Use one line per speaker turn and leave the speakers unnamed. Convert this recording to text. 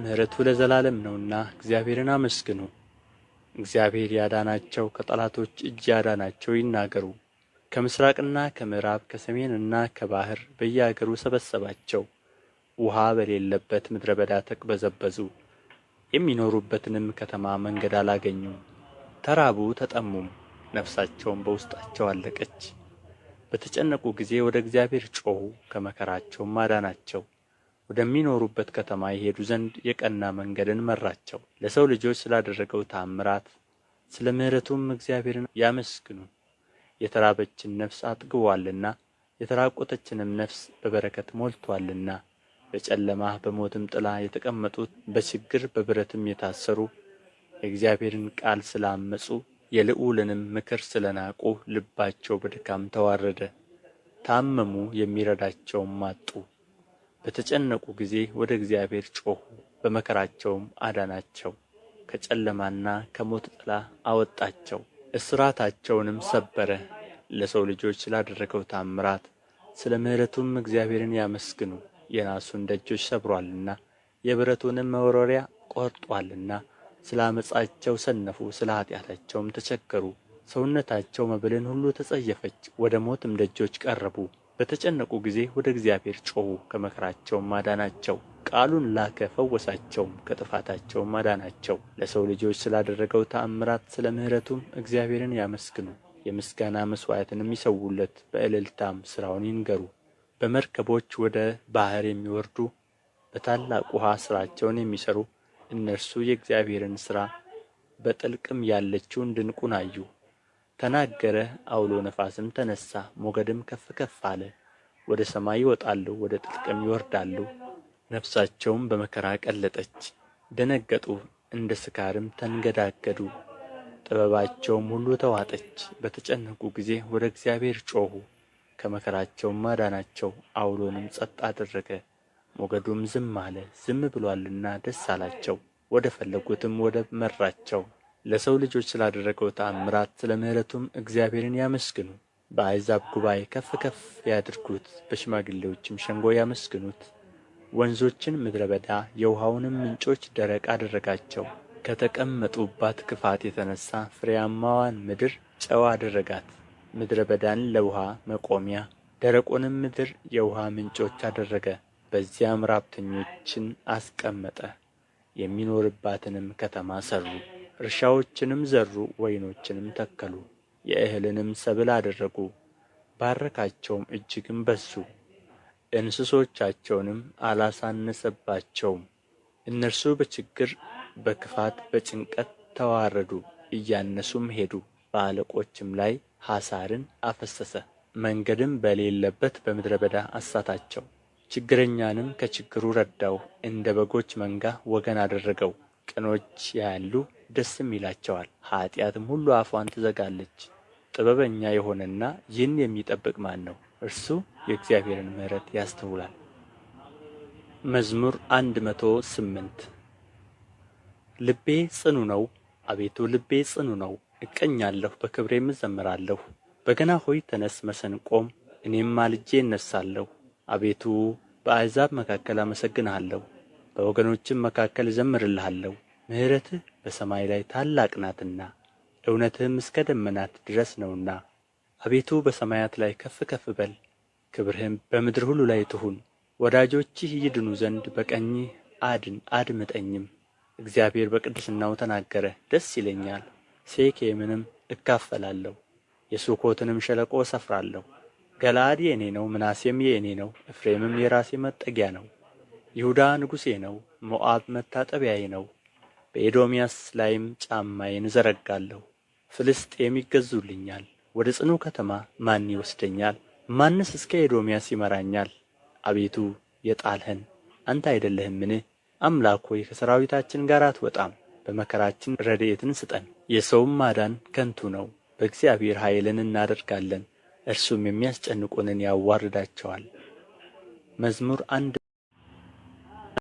ምሕረቱ ለዘላለም ነውና እግዚአብሔርን አመስግኑ እግዚአብሔር ያዳናቸው ከጠላቶች እጅ ያዳናቸው ይናገሩ ከምሥራቅና ከምዕራብ ከሰሜንና ከባሕር በየአገሩ ሰበሰባቸው ውኃ በሌለበት ምድረ በዳ ተቅበዘበዙ የሚኖሩበትንም ከተማ መንገድ አላገኙም ተራቡ ተጠሙም ነፍሳቸውም በውስጣቸው አለቀች በተጨነቁ ጊዜ ወደ እግዚአብሔር ጮኹ ከመከራቸውም አዳናቸው ወደሚኖሩበት ከተማ ይሄዱ ዘንድ የቀና መንገድን መራቸው ለሰው ልጆች ስላደረገው ተአምራት ስለ ምሕረቱም እግዚአብሔርን ያመስግኑ የተራበችን ነፍስ አጥግቧልና የተራቆተችንም ነፍስ በበረከት ሞልቶአልና በጨለማ በሞትም ጥላ የተቀመጡት በችግር በብረትም የታሰሩ የእግዚአብሔርን ቃል ስላመፁ የልዑልንም ምክር ስለ ናቁ ልባቸው በድካም ተዋረደ ታመሙ የሚረዳቸውም አጡ በተጨነቁ ጊዜ ወደ እግዚአብሔር ጮኹ በመከራቸውም አዳናቸው ከጨለማና ከሞት ጥላ አወጣቸው እስራታቸውንም ሰበረ ለሰው ልጆች ስላደረገው ታምራት ስለ ምሕረቱም እግዚአብሔርን ያመስግኑ የናሱን ደጆች ሰብሮአልና የብረቱንም መወረሪያ ቈርጦአልና ስለ ዓመፃቸው ሰነፉ ስለ ኃጢአታቸውም ተቸገሩ ሰውነታቸው መብልን ሁሉ ተጸየፈች ወደ ሞትም ደጆች ቀረቡ በተጨነቁ ጊዜ ወደ እግዚአብሔር ጮኹ ከመከራቸውም አዳናቸው ቃሉን ላከ ፈወሳቸውም ከጥፋታቸውም አዳናቸው ለሰው ልጆች ስላደረገው ተአምራት ስለ ምሕረቱም እግዚአብሔርን ያመስግኑ የምስጋና መሥዋዕትንም ይሠዉለት በእልልታም ሥራውን ይንገሩ በመርከቦች ወደ ባሕር የሚወርዱ በታላቅ ውኃ ሥራቸውን የሚሠሩ እነርሱ የእግዚአብሔርን ሥራ በጥልቅም ያለችውን ድንቁን አዩ ተናገረ ዐውሎ ነፋስም ተነሣ ሞገድም ከፍ ከፍ አለ ወደ ሰማይ ይወጣሉ ወደ ጥልቅም ይወርዳሉ ነፍሳቸውም በመከራ ቀለጠች ደነገጡ እንደ ስካርም ተንገዳገዱ ጥበባቸውም ሁሉ ተዋጠች በተጨነቁ ጊዜ ወደ እግዚአብሔር ጮኹ ከመከራቸውም አዳናቸው ዐውሎንም ጸጥ አደረገ ሞገዱም ዝም አለ ዝም ብሎአልና ደስ አላቸው ወደ ፈለጉትም ወደብ መራቸው ለሰው ልጆች ስላደረገው ተአምራት ስለ ምሕረቱም እግዚአብሔርን ያመስግኑ በአሕዛብ ጉባኤ ከፍ ከፍ ያድርጉት በሽማግሌዎችም ሸንጎ ያመስግኑት ወንዞችን ምድረ በዳ የውኃውንም ምንጮች ደረቅ አደረጋቸው ከተቀመጡባት ክፋት የተነሣ ፍሬያማዋን ምድር ጨው አደረጋት ምድረ በዳን ለውኃ መቆሚያ ደረቁንም ምድር የውኃ ምንጮች አደረገ በዚያም ራብተኞችን አስቀመጠ የሚኖርባትንም ከተማ ሠሩ እርሻዎችንም ዘሩ ወይኖችንም ተከሉ የእህልንም ሰብል አደረጉ ባረካቸውም እጅግም በዙ እንስሶቻቸውንም አላሳነሰባቸውም እነርሱ በችግር በክፋት በጭንቀት ተዋረዱ እያነሱም ሄዱ በአለቆችም ላይ ሐሳርን አፈሰሰ መንገድም በሌለበት በምድረ በዳ አሳታቸው ችግረኛንም ከችግሩ ረዳው እንደ በጎች መንጋ ወገን አደረገው ቅኖች ያያሉ ደስም ይላቸዋል ኃጢአትም ሁሉ አፏን ትዘጋለች ጥበበኛ የሆነና ይህን የሚጠብቅ ማን ነው እርሱ የእግዚአብሔርን ምሕረት ያስተውላል መዝሙር መቶ ስምንት ልቤ ጽኑ ነው አቤቱ ልቤ ጽኑ ነው እቀኛለሁ በክብሬም እዘምራለሁ በገና ሆይ ተነስ መሰንቆም እኔም ማልጄ እነሳለሁ አቤቱ በአሕዛብ መካከል አመሰግንሃለሁ በወገኖችም መካከል እዘምርልሃለሁ ምሕረትህ በሰማይ ላይ ታላቅ ናትና እውነትህም እስከ ደመናት ድረስ ነውና አቤቱ በሰማያት ላይ ከፍ ከፍ በል ክብርህም በምድር ሁሉ ላይ ትሁን ወዳጆችህ ይድኑ ዘንድ በቀኝህ አድን አድምጠኝም እግዚአብሔር በቅድስናው ተናገረ ደስ ይለኛል ሴኬምንም እካፈላለሁ የሱኮትንም ሸለቆ እሰፍራለሁ ገላድ የእኔ ነው ምናሴም የእኔ ነው እፍሬምም የራሴ መጠጊያ ነው ይሁዳ ንጉሴ ነው ሞዓብ መታጠቢያዬ ነው በኤዶምያስ ላይም ጫማዬን እዘረጋለሁ ፍልስጤም ይገዙልኛል ወደ ጽኑ ከተማ ማን ይወስደኛል ማንስ እስከ ኤዶምያስ ይመራኛል አቤቱ የጣልህን አንተ አይደለህምን አምላክ ሆይ ከሠራዊታችን ጋር አትወጣም በመከራችን ረድኤትን ስጠን የሰውም ማዳን ከንቱ ነው በእግዚአብሔር ኃይልን እናደርጋለን እርሱም የሚያስጨንቁንን ያዋርዳቸዋል መዝሙር አንድ